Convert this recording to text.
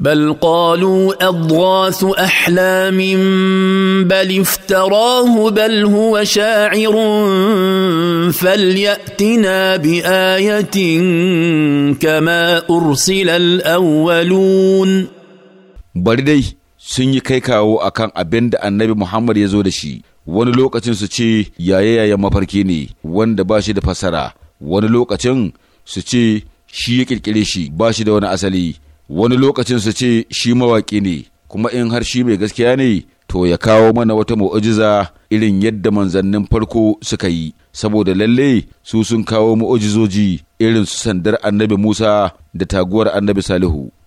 بل قالوا Ahlamin, احلام بل افتراه بل هو شاعر فلياتنا بايه كما ارسل bari dai sun yi kai kawo akan abin da annabi muhammad ya zo da shi wani lokacin su ce yaye mafarki ne wanda ba shi da fasara wani lokacin su ce shi ya ƙirƙire shi ba shi da wani asali wani lokacin su ce shi mawaƙi ne kuma in har shi mai gaskiya ne to ya kawo mana wata mu'ujiza irin yadda manzannin farko suka yi saboda lalle su sun kawo mu'ujizoji irin su sandar annabi Musa da taguwar annabi Salihu